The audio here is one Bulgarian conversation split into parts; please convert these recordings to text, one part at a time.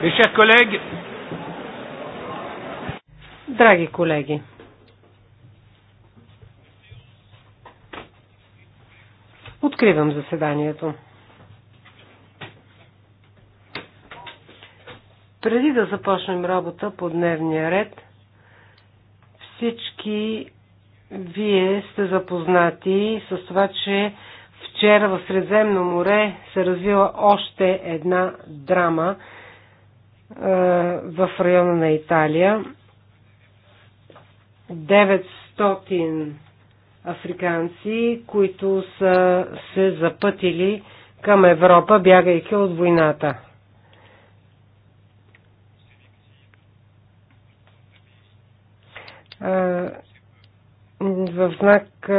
Mes chers collègues, Драги колеги, откривам заседанието. Преди да започнем работа по дневния ред, всички вие сте запознати с това, че вчера в Средземно море се развила още една драма – е, в района на Италия. 900 африканци, които са се запътили към Европа, бягайки от войната. Е, в знак е,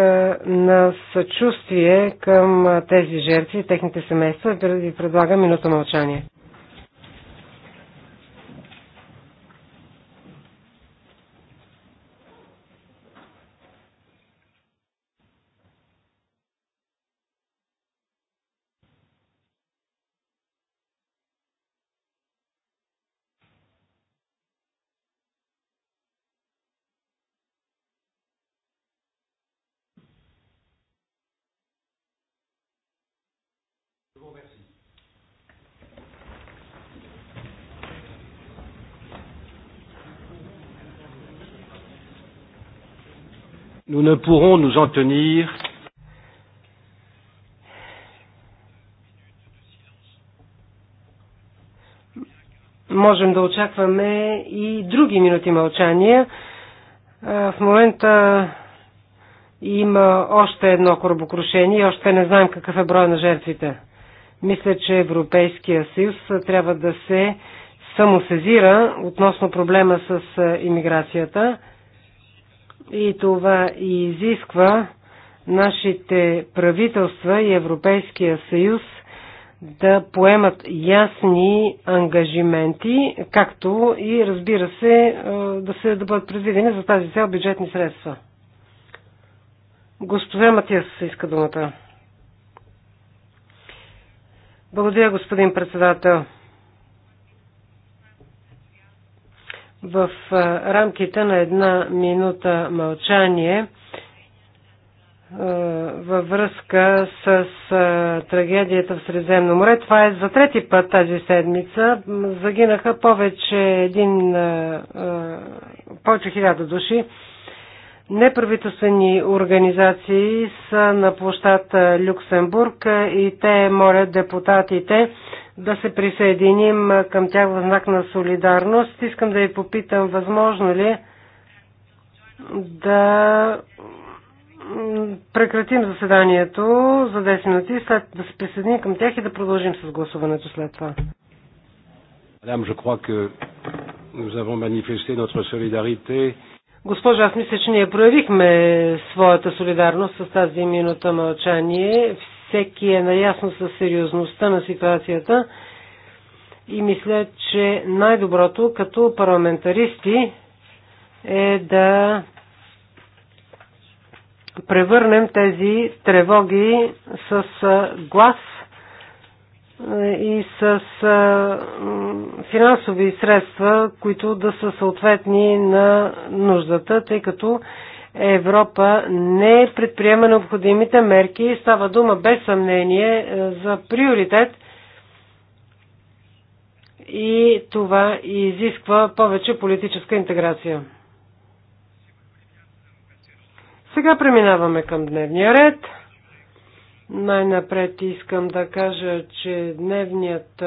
на съчувствие към тези жертви и техните семейства ви предлагам минута мълчание. nous ne pourrons nous en tenir Можем да очакваме и други минути мълчания. В момента има още едно корабокрушение и още не знаем какъв е броя на жертвите. Мисля, че Европейския съюз трябва да се самосезира относно проблема с иммиграцията. И това изисква нашите правителства и Европейския съюз да поемат ясни ангажименти, както и разбира се е, да се да бъдат предвидени за тази цел бюджетни средства. Госпожа Матиас иска думата. Благодаря, господин председател. в рамките на една минута мълчание във връзка с трагедията в Средиземно море. Това е за трети път тази седмица. Загинаха повече един, повече хиляда души. Неправителствени организации са на площад Люксембург и те молят депутатите да се присъединим към тях в знак на солидарност. Искам да ви попитам, възможно ли да прекратим заседанието за 10 минути, след да се присъединим към тях и да продължим с гласуването след това. Мадам, je crois que nous avons manifesté notre solidarité. Госпожо, аз мисля, че ние проявихме своята солидарност с тази минута мълчание всеки е наясно със сериозността на ситуацията и мисля, че най-доброто като парламентаристи е да превърнем тези тревоги с глас и с финансови средства, които да са съответни на нуждата, тъй като Европа не предприема необходимите мерки и става дума без съмнение е, за приоритет и това изисква повече политическа интеграция. Сега преминаваме към дневния ред. Най-напред искам да кажа, че дневният е,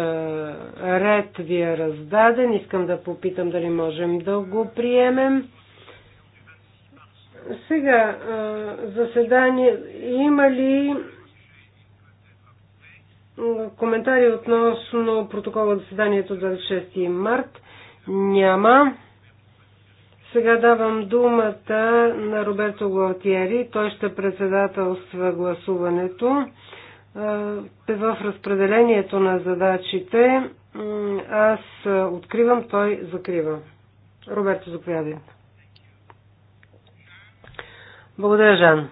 ред ви е раздаден. Искам да попитам дали можем да го приемем. Сега, заседание, има ли коментари относно протокола заседанието за 6 март? Няма. Сега давам думата на Роберто Галтиери. Той ще председателства гласуването. Е в разпределението на задачите аз откривам, той закрива. Роберто, заповядайте. Благодаря, Жан.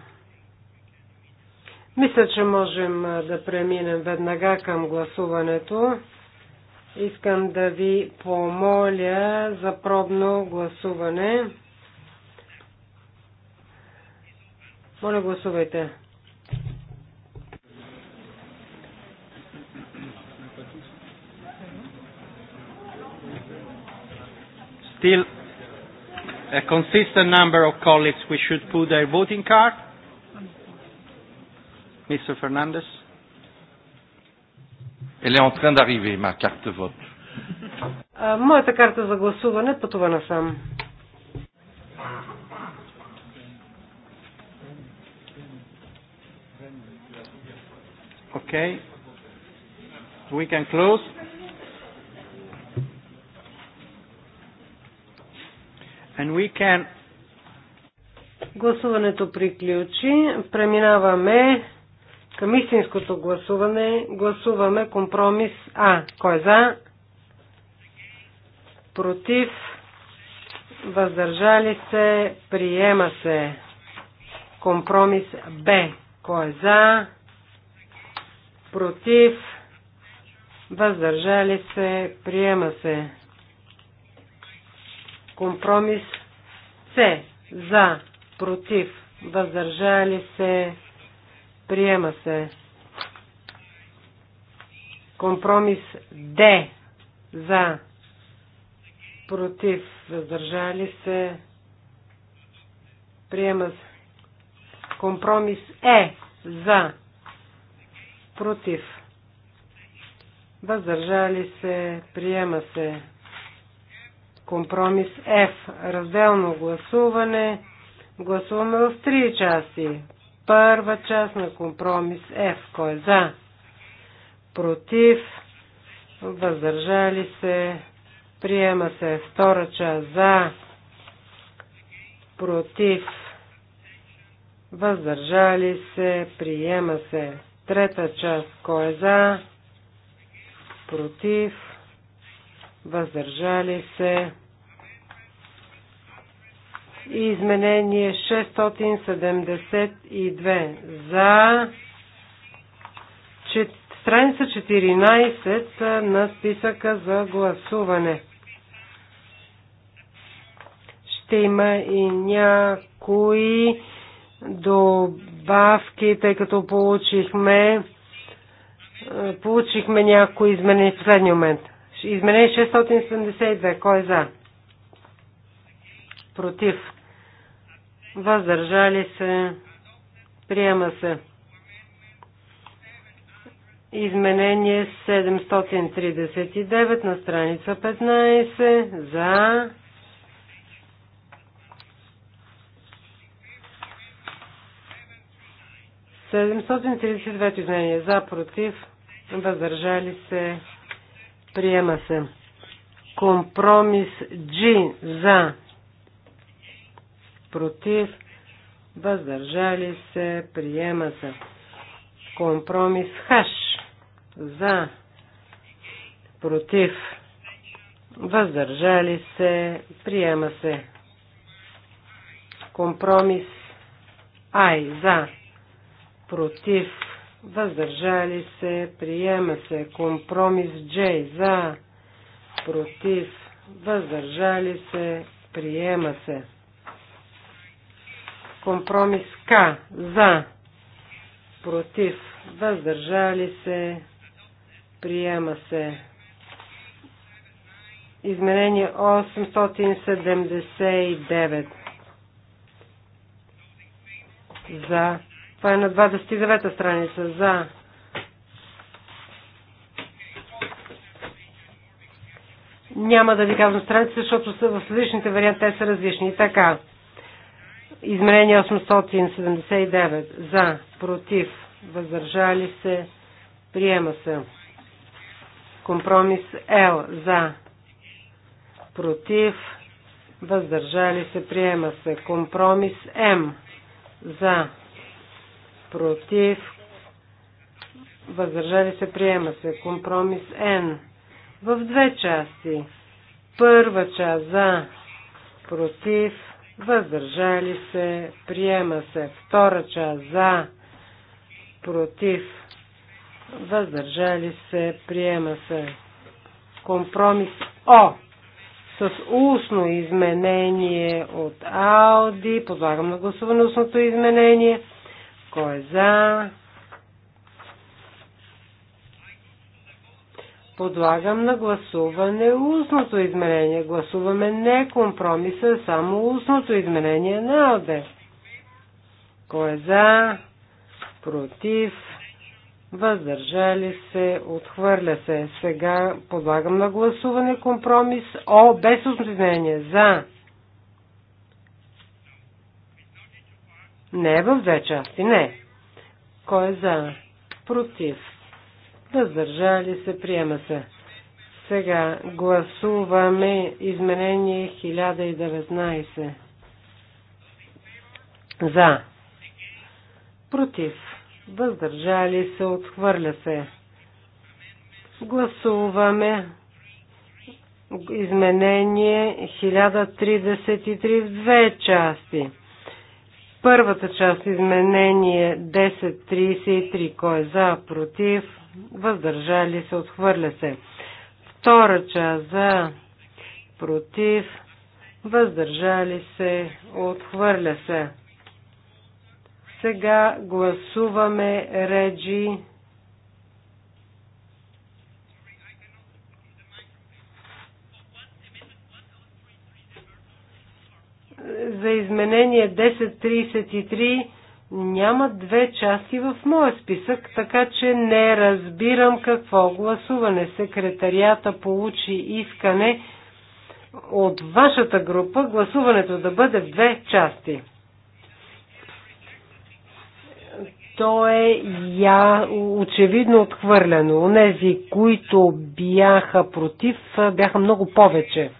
Мисля, че можем да преминем веднага към гласуването. Искам да ви помоля за пробно гласуване. Моля, гласувайте. Стил a consistent number of colleagues which should put their voting card. Mr. Fernandez. Elle est en train d'arriver, ma carte de vote. А, моята карта за гласуване пътува насам. Okay. We can close. And we can... Гласуването приключи. Преминаваме към истинското гласуване. Гласуваме компромис А. Кой е за? Против? Въздържали се? Приема се. Компромис Б. Кой е за? Против? Въздържали се? Приема се. Компромис С. За. Против. Въздържали се. Приема се. Компромис Д. За. Против. Въздържали се. Приема се. Компромис Е. За. Против. Въздържали се. Приема се. Компромис F. Разделно гласуване. Гласуваме в три части. Първа част на компромис F. Кой е за? Против? Въздържали се? Приема се втора част за, против, въздържали се, приема се трета част, кой е за, против, въздържали се. Изменение 672 за страница 14 на списъка за гласуване. Ще има и някои добавки, тъй като получихме, получихме някои изменения в последния момент. Изменение 672. Кой е за? Против. Въздържали се. Приема се. Изменение 739 на страница 15. За. Седемстотин изменение за, против, въздържали се, Приема се. Компромис G за. Против. Въздържали се. Приема се. Компромис H за. Против. Въздържали се. Приема се. Компромис Ай за. Против въздържали се, приема се. Компромис J за, против, въздържали се, приема се. Компромис К за, против, въздържали се, приема се. Изменение 879 за това е на 29-та страница. За. Няма да ви казвам страница, защото в различните варианти те са различни. Така. Измерение 879. За. Против. Въздържали се. Приема се. Компромис Л. За. Против. Въздържали се. Приема се. Компромис М. За против, въздържали се, приема се. Компромис Н в две части. Първа част за, против, въздържали се, приема се. Втора част за, против, въздържали се, приема се. Компромис О с устно изменение от Ауди. Подлагам на гласуване устното изменение. Кой е за? Подлагам на гласуване устното изменение. Гласуваме не компромиса, само устното изменение на ОДЕ. Кой е за? Против? Въздържали се? Отхвърля се. Сега подлагам на гласуване компромис О без устното изменение. За? Не е в две части, не. Кой е за? Против. Въздържали се, приема се. Сега гласуваме изменение 1019. За. Против. Въздържали се, отхвърля се. Гласуваме изменение 1033 в две части. Първата част изменение 10.33. Кой е за, против, въздържали се, отхвърля се. Втора част за, против, въздържали се, отхвърля се. Сега гласуваме Реджи за изменение 1033 няма две части в моя списък, така че не разбирам какво гласуване. Секретарията получи искане от вашата група гласуването да бъде в две части. То е я, очевидно отхвърлено. Онези, които бяха против, бяха много повече.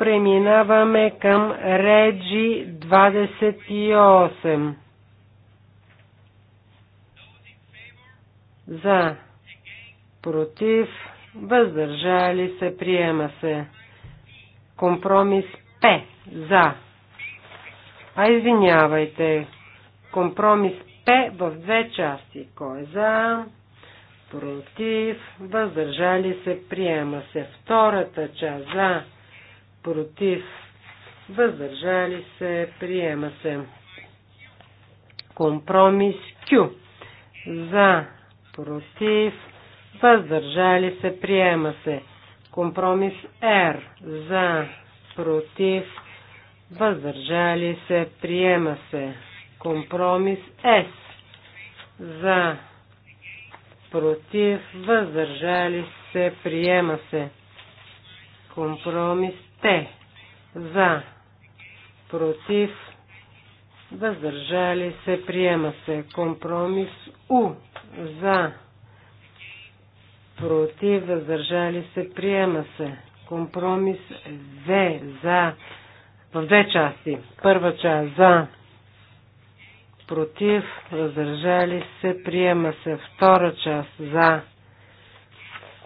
Преминаваме към Реджи 28. За. Против. Въздържали се. Приема се. Компромис П. За. А извинявайте. Компромис П в две части. Кой е за? Против. Въздържали се. Приема се. Втората част. За против, въздържали се, приема се. Компромис Q. За, против, въздържали се, приема се. Компромис R. За, против, въздържали се, приема се. Компромис С. За, против, въздържали се, приема се. Компромис те за, против, въздържали се, приема се. Компромис У за, против, въздържали се, приема се. Компромис В за, в две части. Първа част за, против, въздържали се, приема се. Втора част за,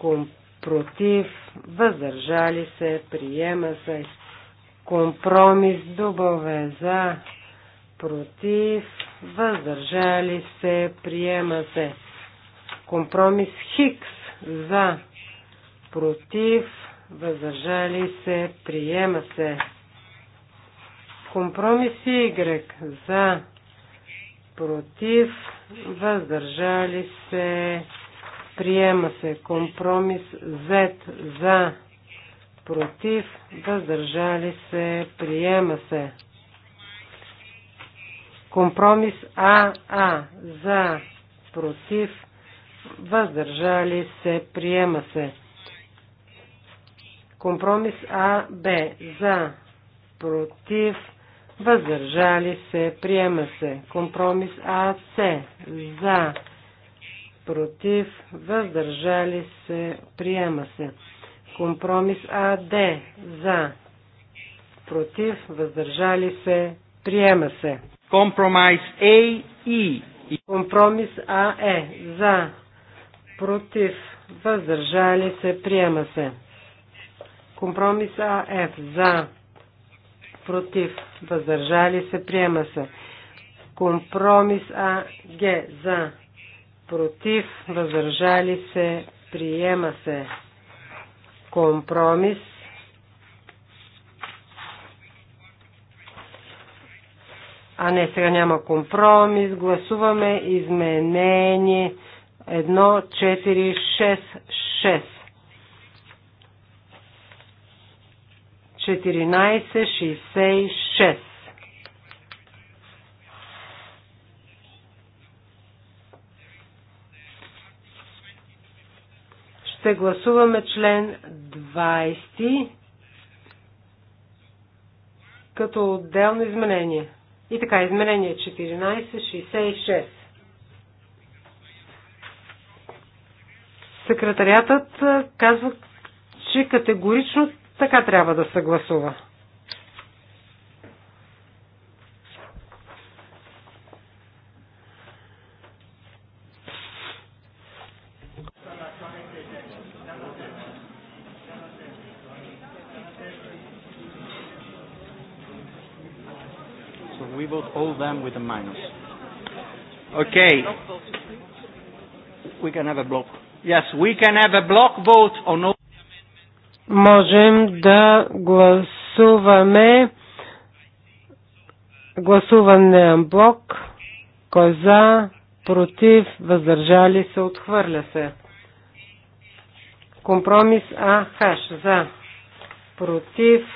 компромис против, въздържали се, приема се. Компромис дубове за, против, въздържали се, приема се. Компромис Хикс за, против, въздържали се, приема се. Компромис Y за, против, въздържали се, Приема се компромис Z за против, въздържали се, приема се. Компромис АА за против, въздържали се, приема се. Компромис АБ за против, въздържали се, приема се. Компромис АС за против, против, въздържали се, приема се. Компромис АД за, против, въздържали се, приема се. Компромис А и. Компромис АЕ за, против, въздържали се, приема се. Компромис АФ за, против, въздържали се, приема се. Компромис АГ за, против, въздържали се, приема се. Компромис. А не, сега няма компромис. Гласуваме изменение 1466. 1466. Ще гласуваме член 20 като отделно изменение. И така, изменение 1466. Секретариатът казва, че категорично така трябва да се гласува. time with the minus. Okay. We can have a block. Yes, we can have a block vote on all. Можем да гласуваме гласуване блок. Кой е за, против, въздържали се, отхвърля се. Компромис А, хаш, за, против,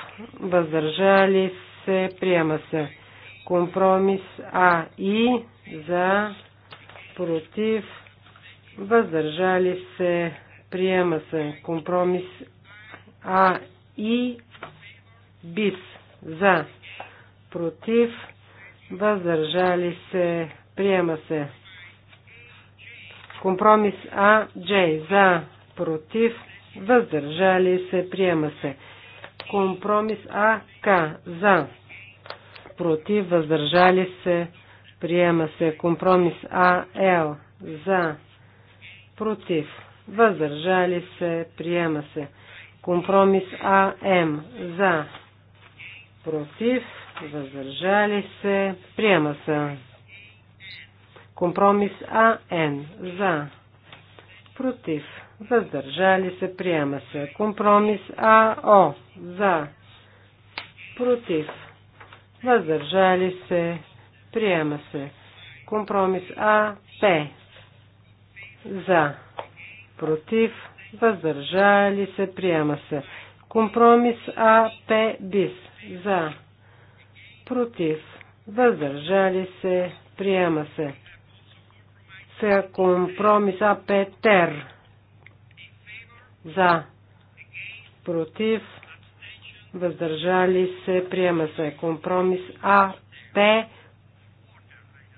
въздържали се, приема се. Компромис А и за против въздържали се приема се. Компромис А и бис за против въздържали се приема се. Компромис А, Джей, за, против, въздържали се, приема се. Компромис А, К, за, против, въздържали се, приема се. Компромис АЛ за, против, въздържали се, приема се. Компромис АМ за, против, въздържали се, приема се. Компромис АН за, против, въздържали се, приема се. Компромис АО за, против, въздържали се, приема се. Компромис А, П, за, против, въздържали се, приема се. Компромис А, П, БИС, за, против, въздържали се, приема се. Сега компромис П, ТЕР, за, против, въздържали се, приема се компромис А, П,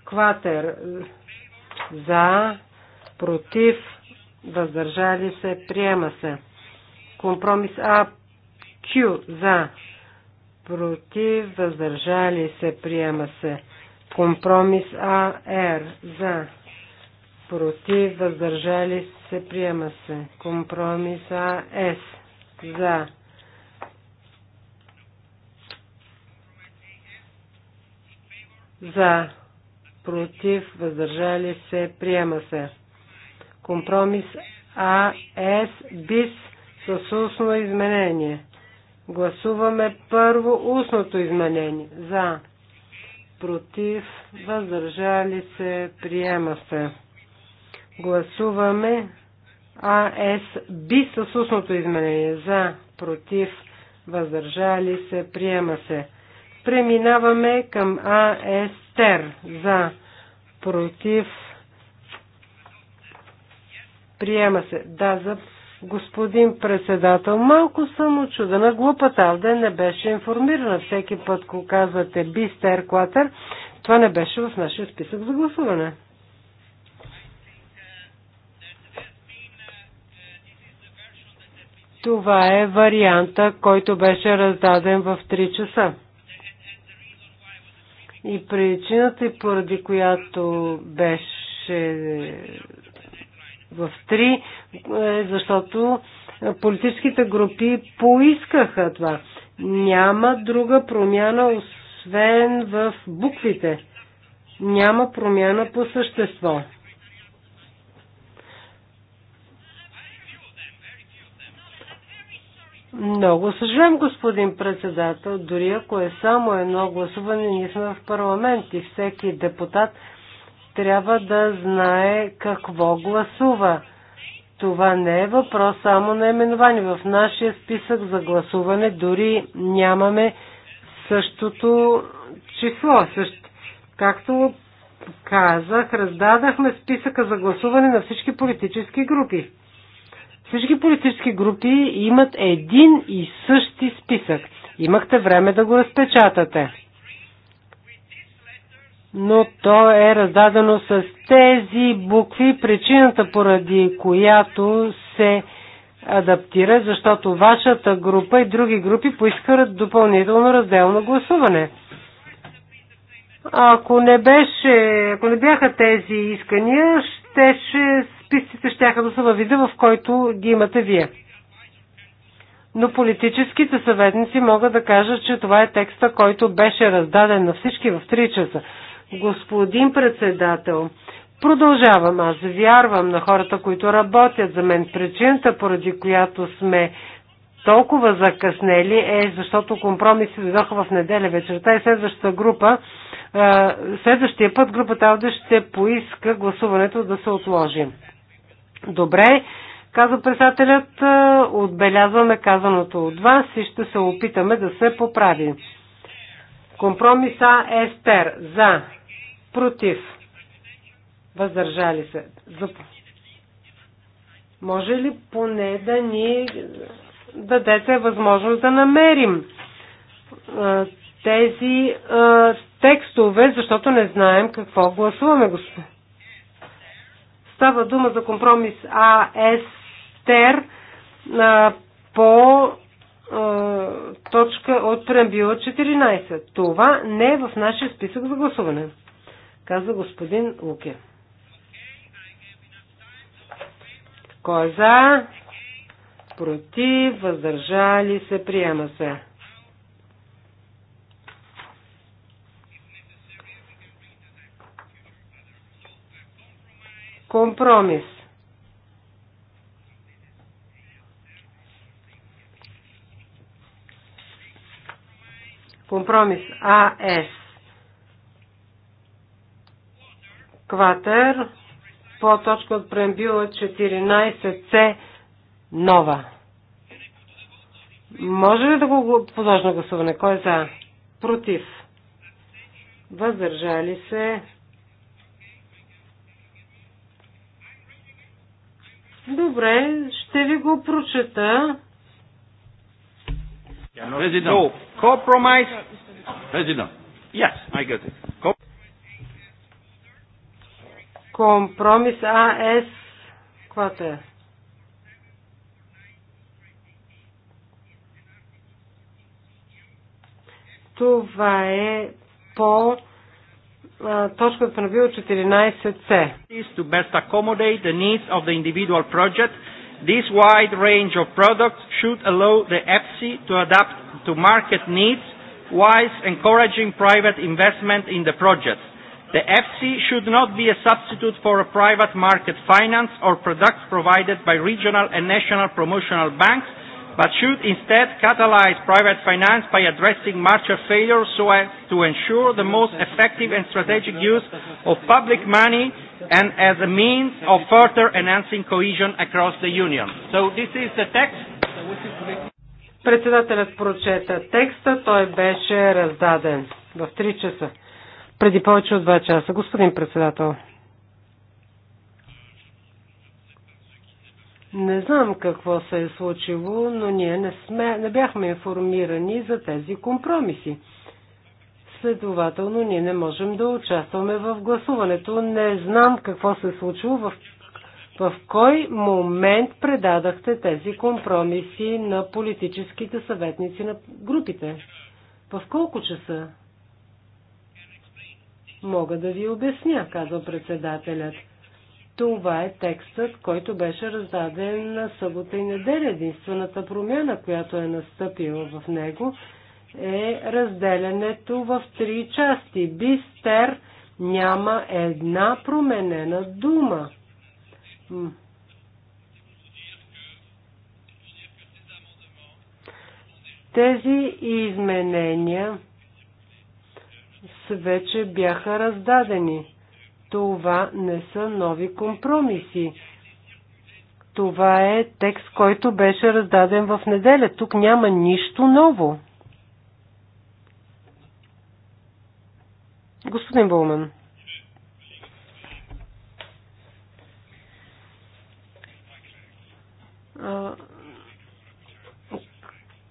кватер за, против, въздържали се, приема се. Компромис А, Q за, против, въздържали се, приема се. Компромис А, Р за, против, въздържали се, приема се. Компромис А, С за, За. Против. Въздържали се. Приема се. Компромис А. С. Бис. С устно изменение. Гласуваме първо устното изменение. За. Против. Въздържали се. Приема се. Гласуваме АС би с устното изменение. За. Против. Въздържали се. Приема се. Преминаваме към АСТЕР за против. Приема се. Да, за господин председател. Малко съм очудена. Глупата Алде не беше информирана. Всеки път, когато казвате Бистер Клатър, това не беше в нашия списък за гласуване. Това е варианта, който беше раздаден в 3 часа. И причината, поради която беше в три, е защото политическите групи поискаха това. Няма друга промяна, освен в буквите. Няма промяна по същество. Много съжалявам, господин председател, дори ако е само едно гласуване, ние сме в парламент и всеки депутат трябва да знае какво гласува. Това не е въпрос само на именование. В нашия списък за гласуване дори нямаме същото число. Също, както казах, раздадахме списъка за гласуване на всички политически групи. Всички политически групи имат един и същи списък. Имахте време да го разпечатате. Но то е раздадено с тези букви, причината поради която се адаптира, защото вашата група и други групи поискат допълнително разделно гласуване. Ако не, беше, ако не бяха тези искания, щеше списъците ще да са във вида, в който ги имате вие. Но политическите съветници могат да кажат, че това е текста, който беше раздаден на всички в 3 часа. Господин председател, продължавам. Аз вярвам на хората, които работят за мен. Причината, поради която сме толкова закъснели е, защото компромиси дойдоха в неделя вечерта и следващата група, следващия път групата Ауде ще поиска гласуването да се отложи. Добре, каза председателят, отбелязваме казаното от вас и ще се опитаме да се поправим. Компромиса Естер за, против, въздържали се. За... Може ли поне да ни дадете възможност да намерим тези а, текстове, защото не знаем какво гласуваме, господин. Става дума за компромис АСТЕР по точка от преамбила 14. Това не е в нашия списък за гласуване, каза господин Луке. Кой е за? Против? Въздържали се? Приема се. Компромис. Компромис АС. Кватер. По-точка от преамбюла 14C. Нова. Може ли да го подложа на гласуване? Кой е за? Против. Въздържали се. Добре, ще ви го прочета. Президент. Компромис. Президент. Yes, I it. Компромис АС. Каквото е? Това е по точка на правило 14c. To best accommodate the needs of the individual project, this wide range of products should allow the EPSI to adapt to market needs whilst encouraging private investment in the project. The EFSI should not be a substitute for a private market finance or products provided by regional and national promotional banks but should instead catalyze private finance by addressing market failure so as to ensure the most effective and strategic use of public money and as a means of further enhancing cohesion across the union. So this is the text. Председателят прочета текста, той беше раздаден в 3 часа, преди повече от 2 часа. Господин председател. Не знам какво се е случило, но ние не, сме, не бяхме информирани за тези компромиси. Следователно, ние не можем да участваме в гласуването. Не знам какво се е случило, в, в кой момент предадахте тези компромиси на политическите съветници на групите. В колко часа? Мога да ви обясня, казва председателят. Това е текстът, който беше раздаден на събота и неделя. Единствената промяна, която е настъпила в него, е разделянето в три части. Бистер няма една променена дума. Тези изменения вече бяха раздадени. Това не са нови компромиси. Това е текст, който беше раздаден в неделя. Тук няма нищо ново. Господин Болман.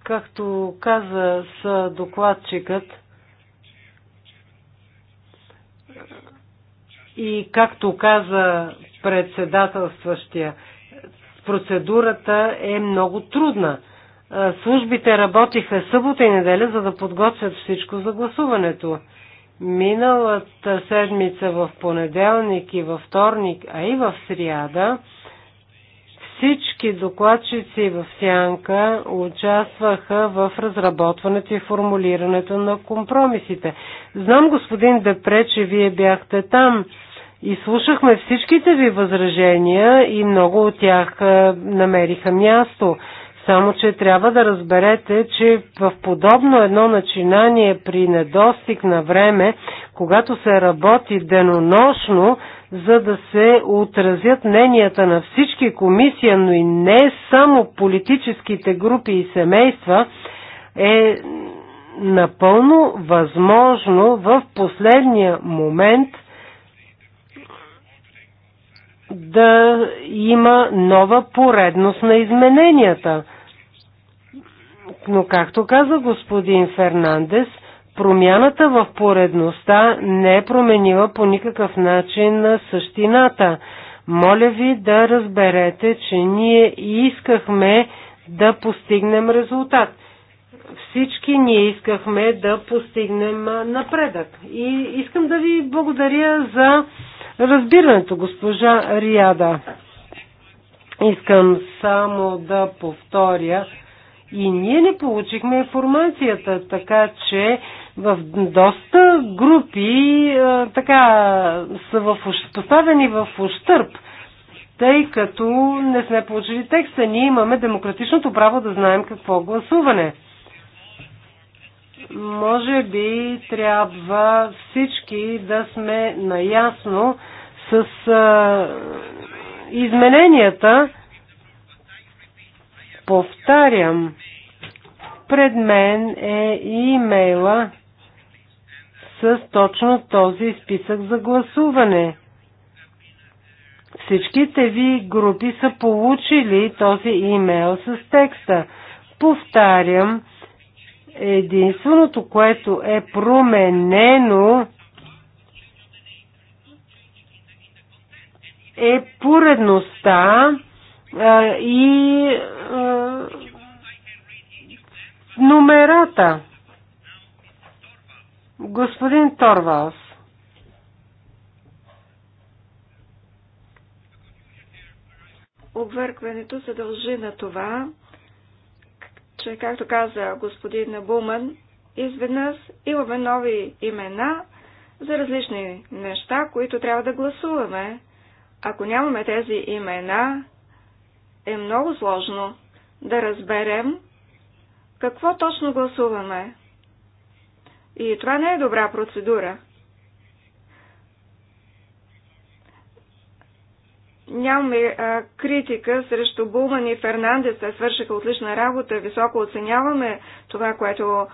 Както каза с докладчикът, И както каза председателстващия, процедурата е много трудна. Службите работиха събота и неделя, за да подготвят всичко за гласуването. Миналата седмица в понеделник и във вторник, а и в сряда, всички докладчици в Сянка участваха в разработването и формулирането на компромисите. Знам, господин Депре, че вие бяхте там. И слушахме всичките ви възражения и много от тях намериха място. Само, че трябва да разберете, че в подобно едно начинание при недостиг на време, когато се работи денонощно, за да се отразят мненията на всички комисии, но и не само политическите групи и семейства, е напълно възможно в последния момент – да има нова поредност на измененията. Но както каза господин Фернандес, промяната в поредността не е променила по никакъв начин на същината. Моля ви да разберете, че ние искахме да постигнем резултат. Всички ние искахме да постигнем напредък. И искам да ви благодаря за разбирането, госпожа Риада. Искам само да повторя. И ние не получихме информацията, така че в доста групи така, са в, поставени в ущърп, тъй като не сме получили текста. Ние имаме демократичното право да знаем какво гласуване. Може би трябва всички да сме наясно с а, измененията. Повтарям, пред мен е имейла с точно този списък за гласуване. Всичките ви групи са получили този имейл с текста. Повтарям, Единственото, което е променено, е поредността а, и а, номерата. Господин Торвалс. Объркването се дължи на това, че, както каза господин Буман, изведнъж имаме нови имена за различни неща, които трябва да гласуваме. Ако нямаме тези имена, е много сложно да разберем какво точно гласуваме. И това не е добра процедура. Нямаме а, критика срещу Булман и Фернандес. Те свършиха отлична работа. Високо оценяваме това, което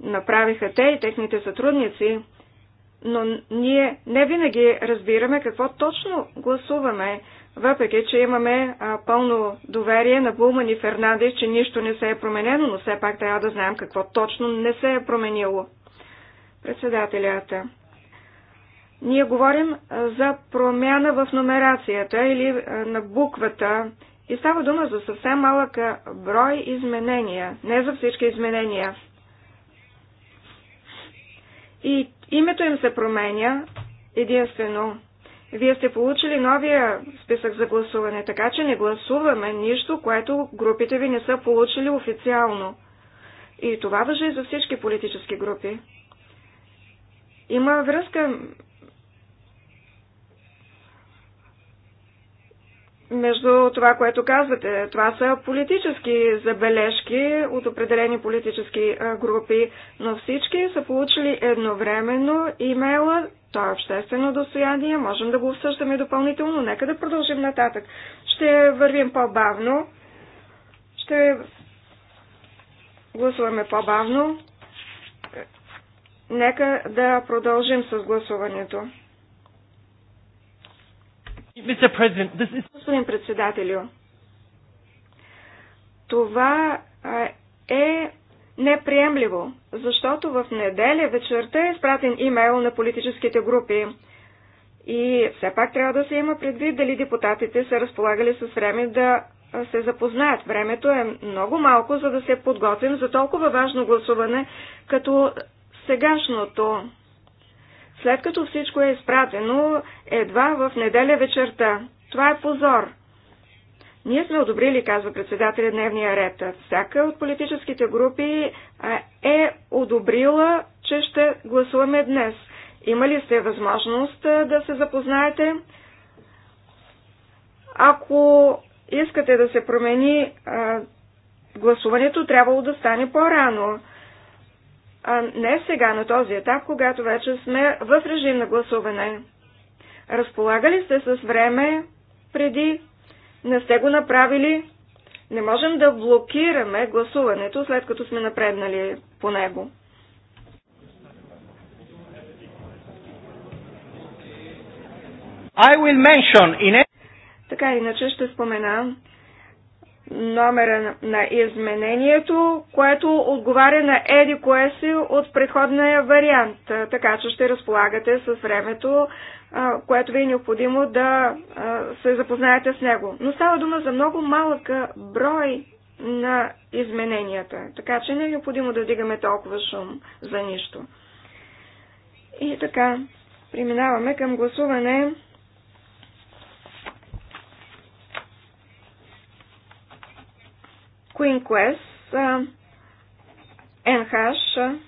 направиха те и техните сътрудници. Но ние не винаги разбираме какво точно гласуваме, въпреки че имаме а, пълно доверие на Булман и Фернандес, че нищо не се е променено, но все пак трябва да знаем какво точно не се е променило. Председателята. Ние говорим за промяна в номерацията или на буквата и става дума за съвсем малък брой изменения, не за всички изменения. И името им се променя единствено. Вие сте получили новия списък за гласуване, така че не гласуваме нищо, което групите ви не са получили официално. И това въжи за всички политически групи. Има връзка между това, което казвате. Това са политически забележки от определени политически групи, но всички са получили едновременно имейла, то е обществено достояние, можем да го обсъждаме допълнително, нека да продължим нататък. Ще вървим по-бавно, ще гласуваме по-бавно, нека да продължим с гласуването. Господин председателю, това е неприемливо, защото в неделя вечерта е изпратен имейл на политическите групи. И все пак трябва да се има предвид дали депутатите са разполагали с време да се запознаят. Времето е много малко, за да се подготвим за толкова важно гласуване, като сегашното след като всичко е изпратено едва в неделя вечерта. Това е позор. Ние сме одобрили, казва председателя дневния ред. Всяка от политическите групи е одобрила, че ще гласуваме днес. Има ли сте възможност да се запознаете? Ако искате да се промени гласуването, трябвало да стане по-рано а не сега на този етап, когато вече сме в режим на гласуване. Разполагали сте с време преди, не сте го направили, не можем да блокираме гласуването, след като сме напреднали по него. I will mention in... Така иначе ще спомена номера на изменението, което отговаря на еди кое си от предходния вариант, така че ще разполагате с времето, което ви е необходимо да се запознаете с него. Но става дума за много малък брой на измененията, така че не е необходимо да вдигаме толкова шум за нищо. И така, преминаваме към гласуване Quest, NH,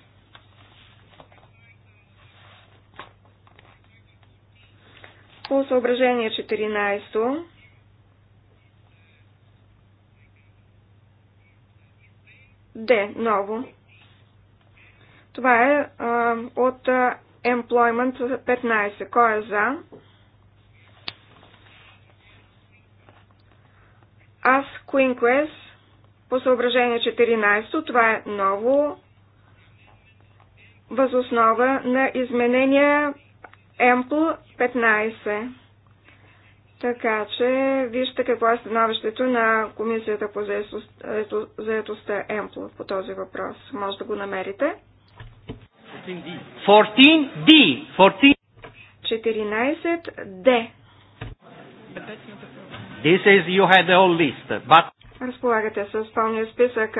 по съображение 14 Д. Ново. Това е а, от а, Employment 15. Кой е за? Аз Quest, по съображение 14, това е ново възоснова на изменения МПЛ 15. Така че вижте какво е становището на Комисията по заетостта ЕМПЛ по този въпрос. Може да го намерите. 14 14D. 14D. This is you had the whole list, but разполагате с пълния списък,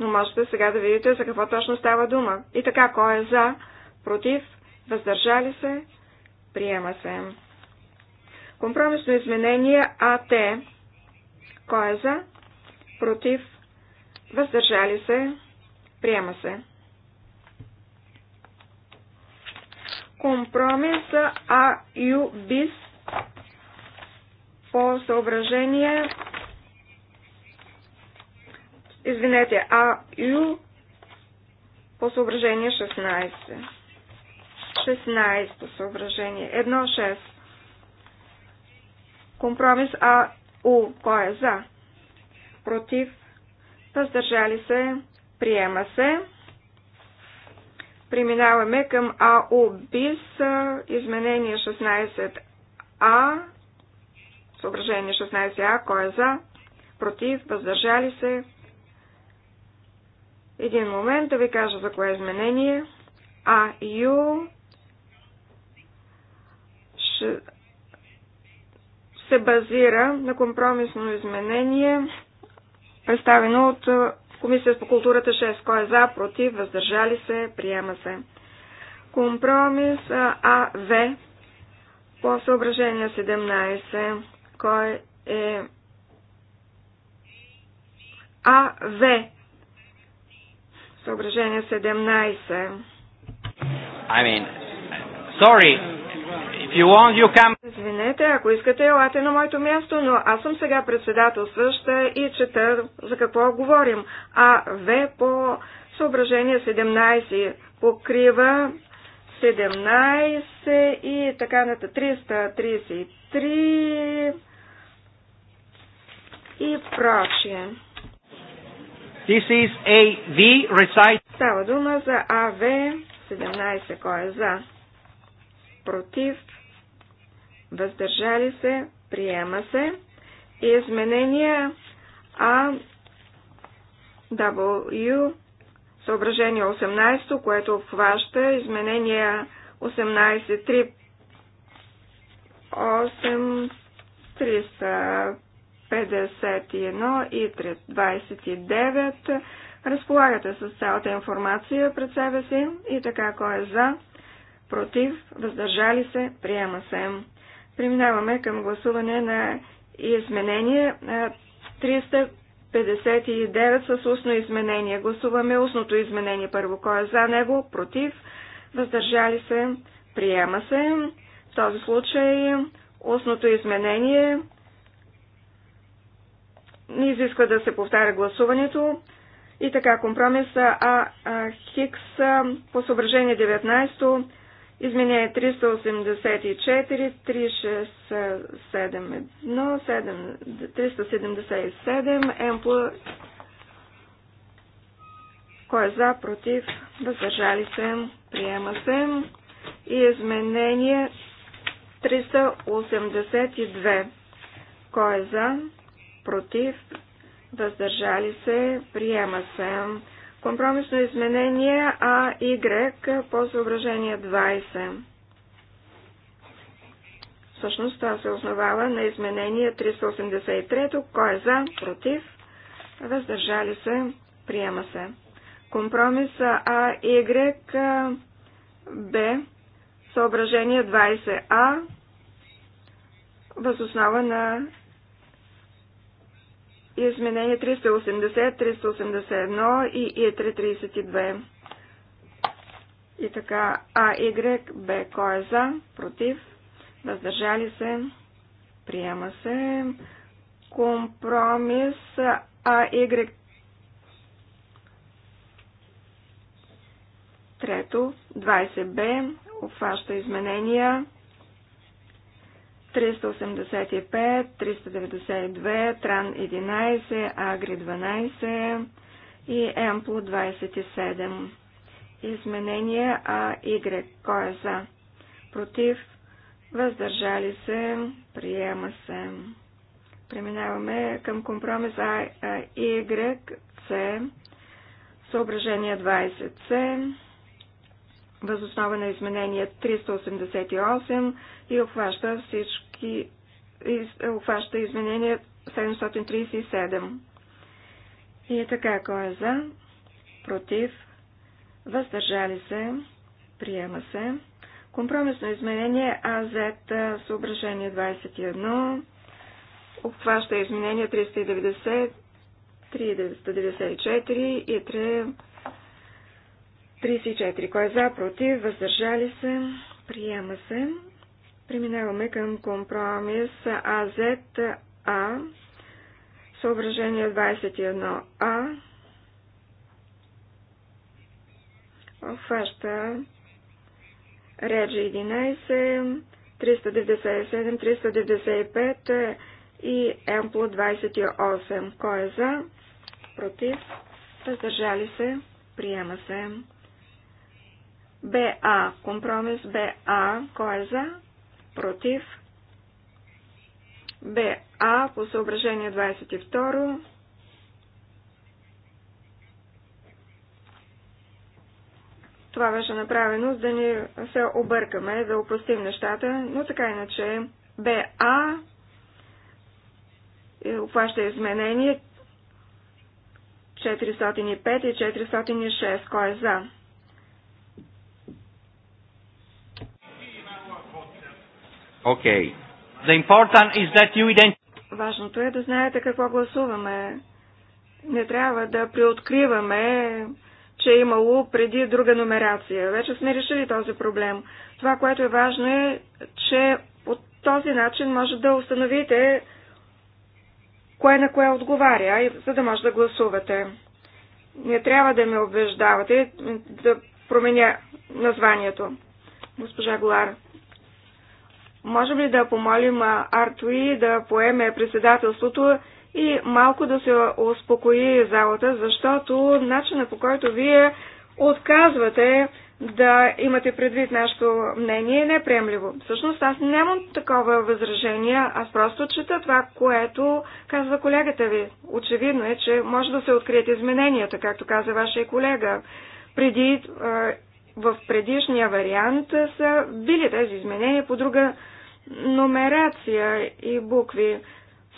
но можете сега да видите за какво точно става дума. И така, кой е за, против, въздържали се, приема се. Компромисно изменение АТ. Кой е за, против, въздържали се, приема се. Компромис АЮБИС по съображение Извинете, Ю по съображение 16. 16 съображение. 1-6. Компромис А У. Кой е за? Против? Въздържали се? Приема се. Преминаваме към АУ БИС, изменение 16А, съображение 16А, кой е за, против, въздържали се, един момент да ви кажа за кое изменение. А, Ю, ще се базира на компромисно изменение, представено от Комисията по културата 6. Кой е за, против, въздържали се, приема се. Компромис АВ по съображение 17. Кой е АВ Съображение 17. I mean, sorry, if you want, you can... Извинете, ако искате, елате на моето място, но аз съм сега председателстваща и чета за какво говорим. А В по съображение 17 покрива 17 и така ната. 333 и прочие. This is V recite. Става дума за АВ 17. Кой е за? Против. Въздържали се. Приема се. И изменения А W съображение 18, което обхваща изменения 18 3 8 300 51 и 29. Разполагате с цялата информация пред себе си и така кой е за, против, въздържали се, приема се. Преминаваме към гласуване на изменение 359 с устно изменение. Гласуваме устното изменение първо. Кой е за него, против, въздържали се, приема се. В този случай устното изменение не изисква да се повтаря гласуването. И така, компромиса А, а Хикс по съображение 19, изменение 384, 36,7, 377, Емпл. Кой е за, против, въздържали се, приема се. И изменение 382. Кой е за? против, въздържали се, приема се. Компромисно изменение А, Y по съображение 20. Всъщност това се основава на изменение 383. Кой е за? Против? Въздържали се? Приема се. Компромис А, Y, Б, съображение 20А, възоснова на изменение 380, 381 и Е332. Е и така, А, Y, Б, кой е за, против, въздържали се, приема се, компромис, А, Y, трето, 20Б, обхваща изменения, 385, 392, Тран 11, Агри 12 и Емпло 27. Изменение А, Y. Кой е за? Против? Въздържали се? Приема се. Преминаваме към компромис А, Y, C, Съображение 20, С възоснова на изменение 388 и обхваща всички и е, обхваща изменение 737. И е така, кой е за? Против? Въздържали се? Приема се. Компромисно изменение АЗ съображение 21 обхваща изменение 390, 394 и 3 34. Кой е за, против, въздържали се, приема се. Преминаваме към компромис АЗА, съображение 21А, обхваща Реджи 11, 397, 395 и Емпло 28. Кой е за? Против? Въздържали се? Приема се. БА. Компромис БА. Кой е за? Против. БА по съображение 22. Това беше направено, за да ни се объркаме, да упростим нещата, но така иначе БА е, обхваща изменение 405 и 406. Кой е за? Okay. The important is that you ident... Важното е да знаете какво гласуваме. Не трябва да преоткриваме, че е имало преди друга нумерация. Вече сме решили този проблем. Това, което е важно е, че по този начин може да установите кое на кое отговаря, за да може да гласувате. Не трябва да ме убеждавате да променя названието. Госпожа Голар. Можем ли да помолим Артуи да поеме председателството и малко да се успокои залата, защото начинът по който вие отказвате да имате предвид нашето мнение е неприемливо. Всъщност аз нямам такова възражение, аз просто чета това, което казва колегата ви. Очевидно е, че може да се открият измененията, както каза вашия колега. Преди в предишния вариант са били тези изменения по друга номерация и букви.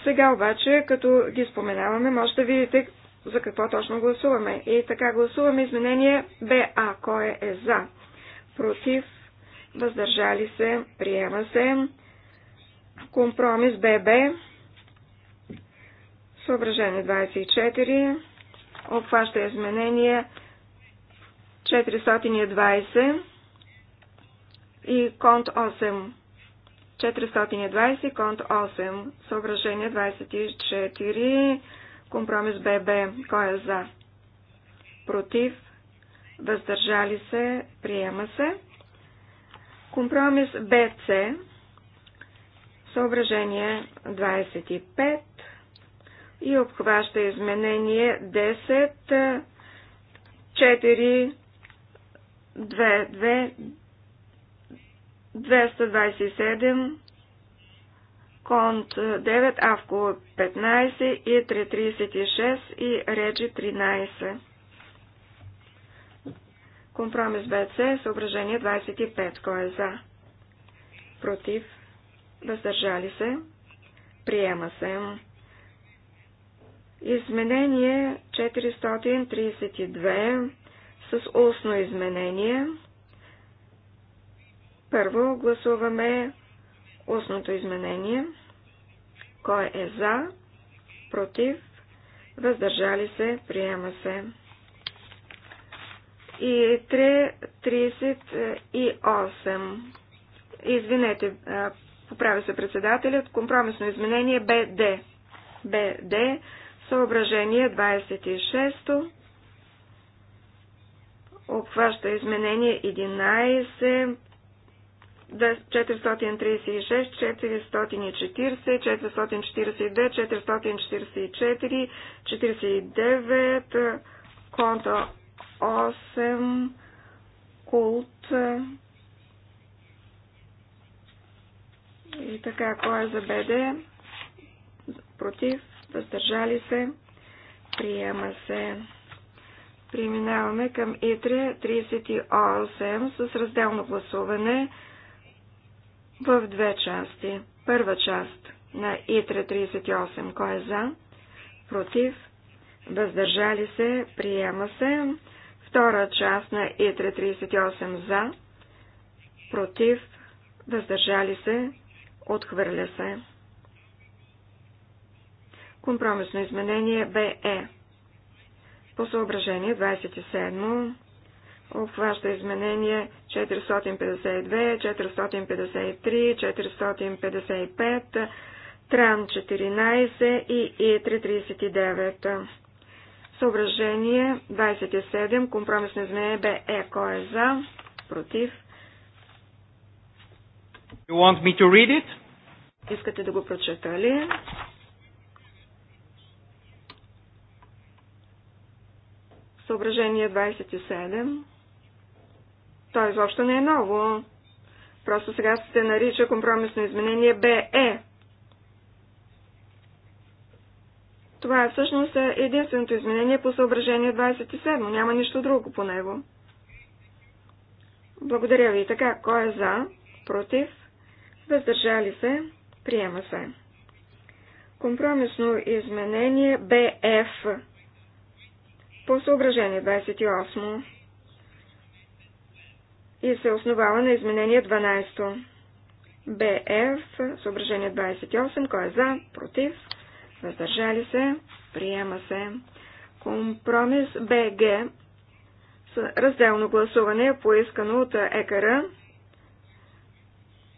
Сега обаче, като ги споменаваме, може да видите за какво точно гласуваме. И така гласуваме изменение БА. Кой е за? Против? Въздържали се? Приема се? Компромис ББ? Съображение 24 обхваща изменение 420 и конт 8. 420, конт 8. Съображение 24. Компромис ББ. Кой е за? Против. Въздържали се. Приема се. Компромис БЦ. Съображение 25 и обхваща изменение 10, 4, 227, Конт 9, е, Авко 15 и 336 и Реджи 13. Компромис БЦ, съображение 25. Кой е за? Против? Въздържали се? Приема се. Изменение 432 с устно изменение. Първо гласуваме устното изменение. Кой е за, против, въздържали се, приема се. И 3.38. Извинете, поправя се председателят. Компромисно изменение БД. БД. Съображение 26 обхваща изменение 11, 436, 440, 442, 444, 49, конта 8, култ и така, кой е за БД? Против, въздържали се, приема се. Преминаваме към ИТРЕ 38 с разделно гласуване в две части. Първа част на ИТРЕ 38. Кой е за? Против? Въздържали се? Приема се. Втора част на ИТРЕ 38 за? Против? Въздържали се? Отхвърля се. Компромисно изменение БЕ. По съображение 27 обхваща изменение 452, 453, 455, Тран 14 и И339. Съображение 27. Компромисно изменение бе Е. Кой е за? Против? You want me to read it? Искате да го прочета ли? Съображение 27. То изобщо не е ново. Просто сега се нарича компромисно изменение БЕ. Това е всъщност единственото изменение по съображение 27. Няма нищо друго по него. Благодаря ви. така, кой е за? Против? Въздържали се? Приема се. Компромисно изменение БФ по съображение 28 и се основава на изменение 12. БФ, съображение 28, кой е за, против, въздържали се, приема се. Компромис БГ, разделно гласуване, поискано от ЕКР,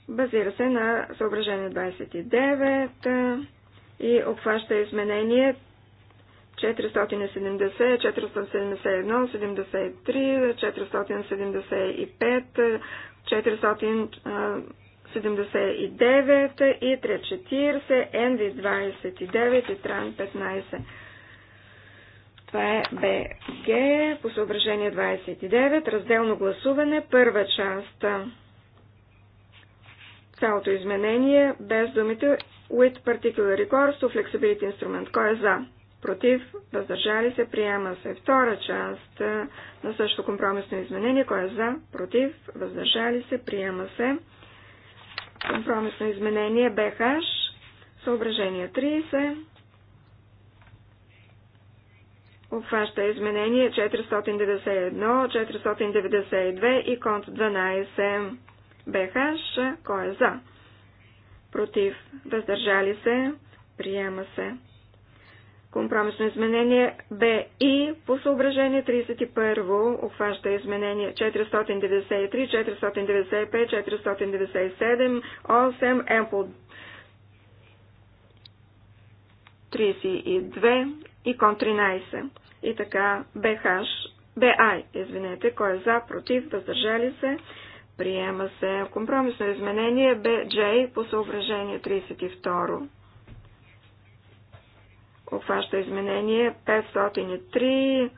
базира се на съображение 29 и обхваща изменение 470, 471, 73, 475, 479 и 340, NV29 и TRAN15. Това е БГ по съображение 29, разделно гласуване, първа част. Цялото изменение без думите with particular recourse to flexibility instrument. Кой е за? против, въздържали се, приема се. Втора част на също компромисно изменение, кой е за, против, въздържали се, приема се. Компромисно изменение БХ, съображение 30, обхваща изменение 491, 492 и конт 12 БХ, кой е за, против, въздържали се, приема се. Компромисно изменение БИ по съображение 31 обхваща изменение 493, 495, 497, 8, М по 32 и кон 13. И така БХ, БА, извинете, кой е за, против, въздържали се, приема се. Компромисно изменение БДЖ по съображение 32 обхваща изменение 503,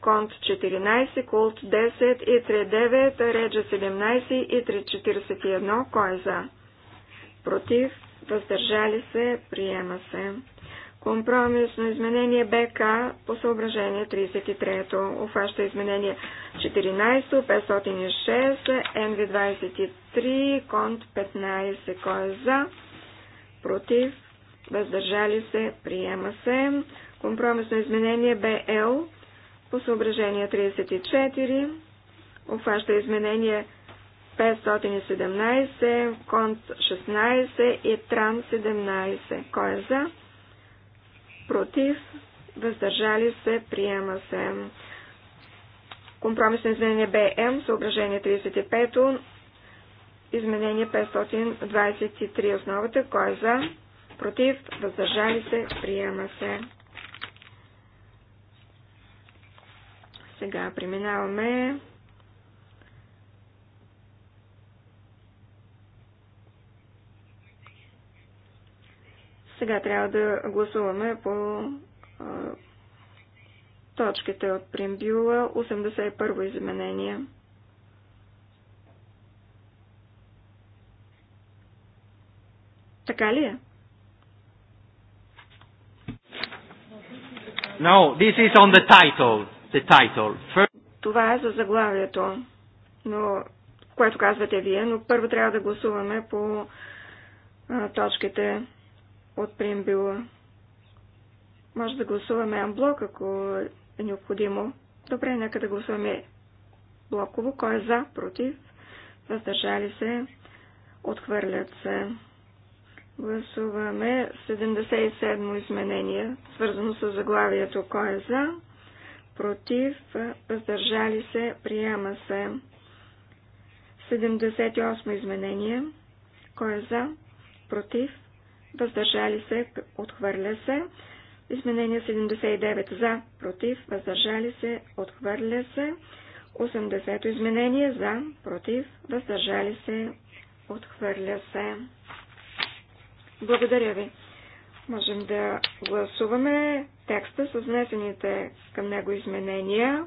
конт 14, култ 10 и 39, реджа 17 и 341. Кой е за? Против? Въздържали се? Приема се. Компромисно изменение БК по съображение 33-то. Обхваща изменение 14 506, НВ 23, конт 15. Кой е за? Против? въздържали се, приема се. Компромисно изменение БЛ по съображение 34, обхваща изменение 517, конт 16 и тран 17. Кой е за? Против, въздържали се, приема се. Компромисно изменение БМ, съображение 35, изменение 523 основата. Кой е за? против, въздържали се, приема се. Сега преминаваме Сега трябва да гласуваме по а, точките от Примбюла 81 во изменение. Така ли е? No, this is on the title. The title. First... Това е за заглавието, но, което казвате вие, но първо трябва да гласуваме по а, точките от преамбила. Може да гласуваме амблок, ако е необходимо. Добре, нека да гласуваме блоково. Кой е за, против, въздържали се, отхвърлят се. Гласуваме 77 изменение, свързано с заглавието. Кой е за? Против? Въздържали се? Приема се. 78 изменение. Кой е за? Против? Въздържали се? Отхвърля се. Изменение 79 за, против, въздържали се, отхвърля се. 80 изменение за, против, въздържали се, отхвърля се. Благодаря ви. Можем да гласуваме текста с внесените към него изменения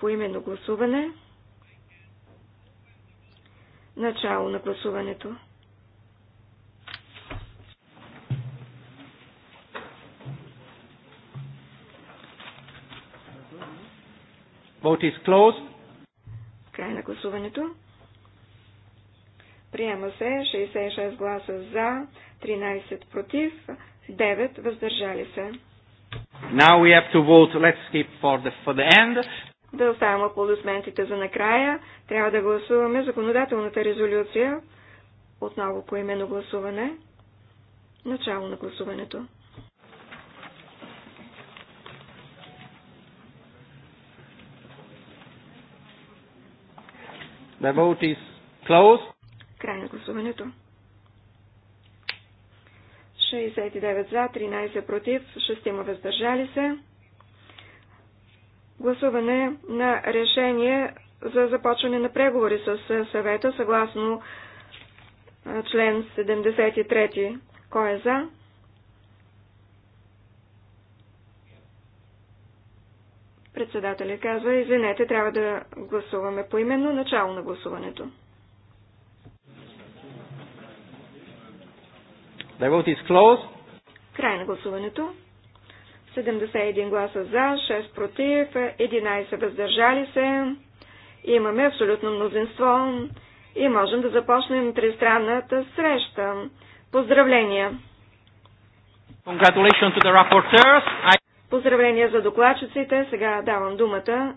по именно гласуване. Начало на гласуването. Vote is closed. Край на гласуването. Приема се 66 гласа за, 13 против, 9 въздържали се. Now we have to vote. Let's skip for the, for the end. Да оставим аплодисментите за накрая. Трябва да гласуваме законодателната резолюция. Отново по именно гласуване. Начало на гласуването. The vote is closed. Край на гласуването. 69 за, 13 против, 6 въздържали се. Гласуване на решение за започване на преговори с съвета съгласно член 73. Кой е за? Председателя казва, извинете, трябва да гласуваме поименно начало на гласуването. The vote is closed. Край на гласуването. 71 гласа за, 6 против, 11 въздържали се. Имаме абсолютно мнозинство и можем да започнем тристранната среща. Поздравления! I... Поздравления за докладчиците. Сега давам думата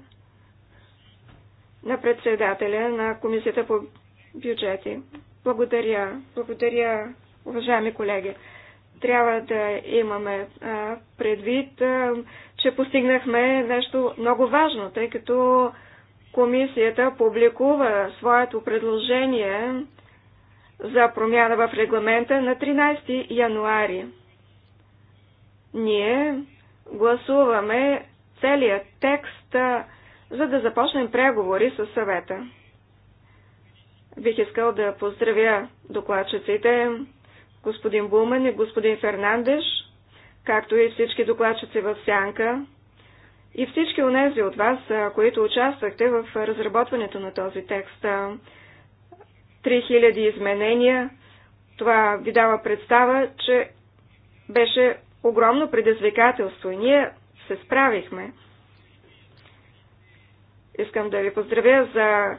на председателя на Комисията по бюджети. Благодаря. Благодаря, Уважаеми колеги, трябва да имаме предвид, че постигнахме нещо много важно, тъй като комисията публикува своето предложение за промяна в регламента на 13 януари. Ние гласуваме целият текст, за да започнем преговори с съвета. Бих искал да поздравя докладчиците, господин Булман и господин Фернандеш, както и всички докладчици в Сянка и всички онези от вас, които участвахте в разработването на този текст. 3000 изменения, това ви дава представа, че беше огромно предизвикателство и ние се справихме. Искам да ви поздравя за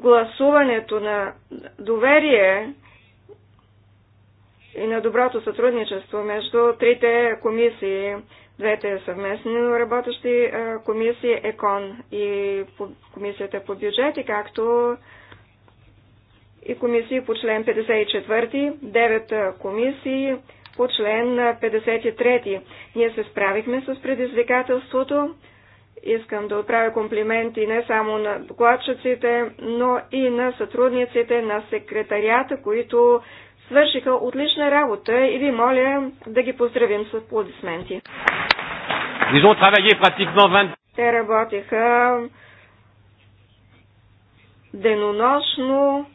гласуването на доверие и на доброто сътрудничество между трите комисии, двете съвместни работещи комисии ЕКОН и комисията по бюджети, както и комисии по член 54, девет комисии по член 53. Ние се справихме с предизвикателството. Искам да отправя комплименти не само на докладчиците, но и на сътрудниците на секретарията, които свършиха отлична работа и ви моля да ги поздравим с аплодисменти. Те работиха денонощно,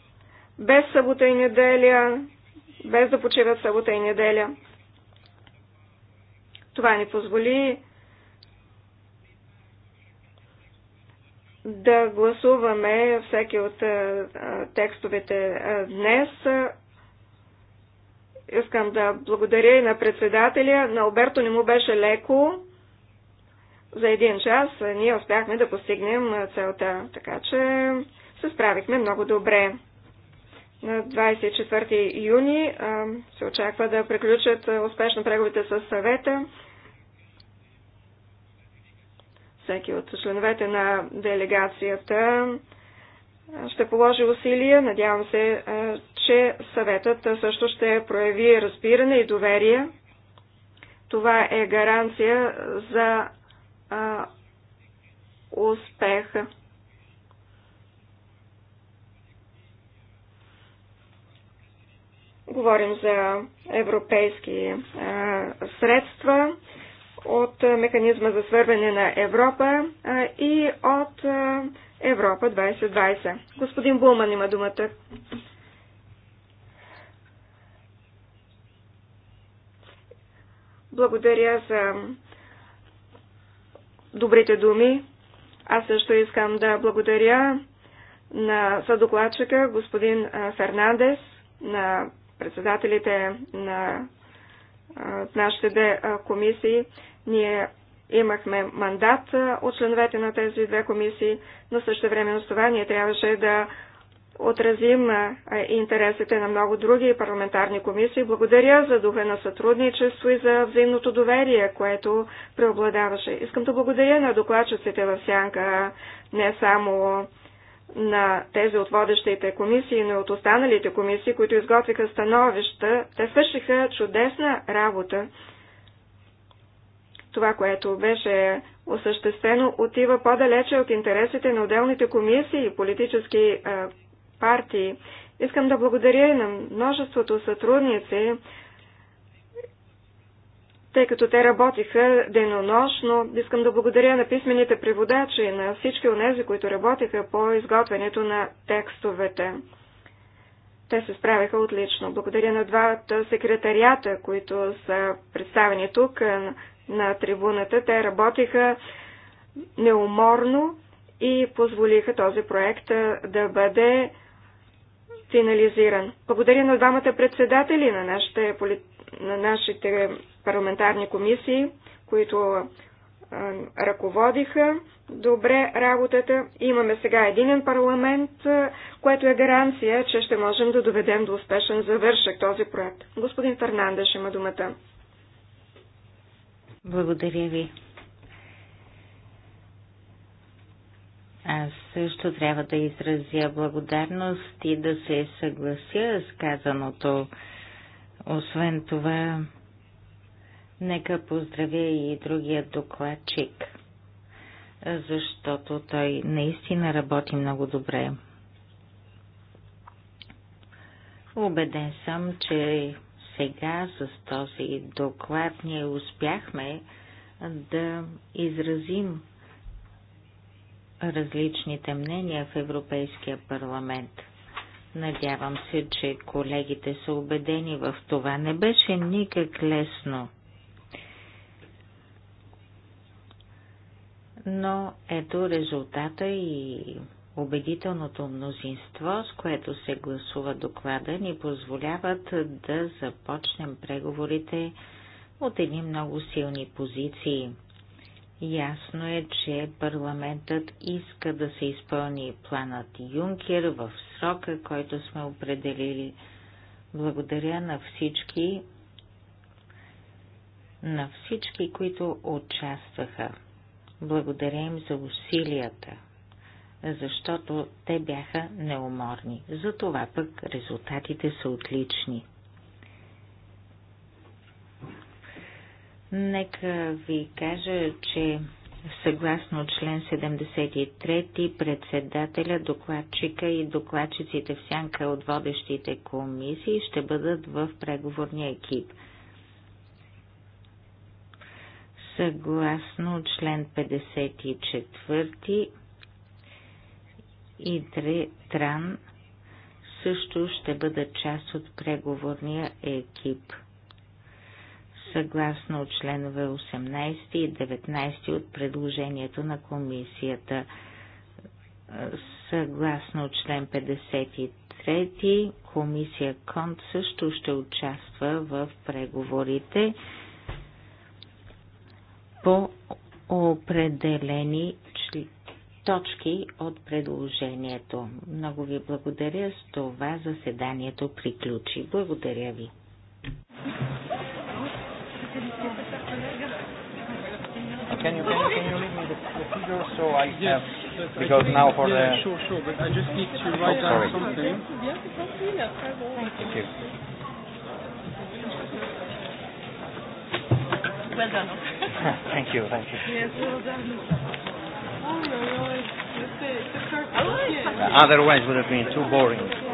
без събота и неделя, без да почиват събота и неделя. Това ни позволи да гласуваме всеки от текстовете днес Искам да благодаря и на председателя. На оберто не му беше леко. За един час ние успяхме да постигнем целта, така че се справихме много добре. На 24 юни се очаква да приключат успешно преговорите с съвета. Всеки от членовете на делегацията ще положи усилия. Надявам се, е, че съветът е, също ще прояви разбиране и доверие. Това е гаранция за е, успеха. Говорим за европейски средства от механизма за свърване на Европа и от Европа 2020. Господин Булман има думата. Благодаря за добрите думи. Аз също искам да благодаря на съдокладчика господин Фернандес, на председателите на нашите две комисии. Ние имахме мандат от членовете на тези две комисии, но също време с това ние трябваше да отразим интересите на много други парламентарни комисии. Благодаря за духа на сътрудничество и за взаимното доверие, което преобладаваше. Искам да благодаря на докладчиците в Сянка, не само на тези от водещите комисии, но и от останалите комисии, които изготвиха становища. Те свършиха чудесна работа това, което беше осъществено, отива по-далече от интересите на отделните комисии и политически е, партии. Искам да благодаря и на множеството сътрудници, тъй като те работиха денонощно. Искам да благодаря на писмените преводачи, на всички тези, които работиха по изготвянето на текстовете. Те се справиха отлично. Благодаря на двата секретарията, които са представени тук, на трибуната. Те работиха неуморно и позволиха този проект да бъде финализиран. Благодаря на двамата председатели на нашите, на нашите парламентарни комисии, които ръководиха добре работата. Имаме сега единен парламент, което е гаранция, че ще можем да доведем до успешен завършък този проект. Господин Фернандеш има думата. Благодаря ви. Аз също трябва да изразя благодарност и да се съглася с казаното. Освен това, нека поздравя и другия докладчик, защото той наистина работи много добре. Убеден съм, че сега с този доклад ние успяхме да изразим различните мнения в Европейския парламент. Надявам се, че колегите са убедени в това. Не беше никак лесно. Но ето резултата и Убедителното мнозинство, с което се гласува доклада, ни позволяват да започнем преговорите от едни много силни позиции. Ясно е, че парламентът иска да се изпълни планът Юнкер в срока, който сме определили. Благодаря на всички, на всички, които участваха. Благодаря им за усилията защото те бяха неуморни. Затова пък резултатите са отлични. Нека ви кажа, че съгласно член 73 председателя, докладчика и докладчиците в сянка от водещите комисии ще бъдат в преговорния екип. Съгласно член 54 и Тран също ще бъдат част от преговорния екип. Съгласно членове 18 и 19 от предложението на комисията, съгласно член 53, комисия Конт също ще участва в преговорите по определени точки от предложението. Много ви благодаря. С това заседанието приключи. Благодаря ви. Can you, can you, can you leave me the, the figure so I have, because now for the... Yeah, sure, sure, but I just need to write oh, down something. Thank you. Well done. thank you, thank you. Yes, well done. Otherwise, it would have been too boring.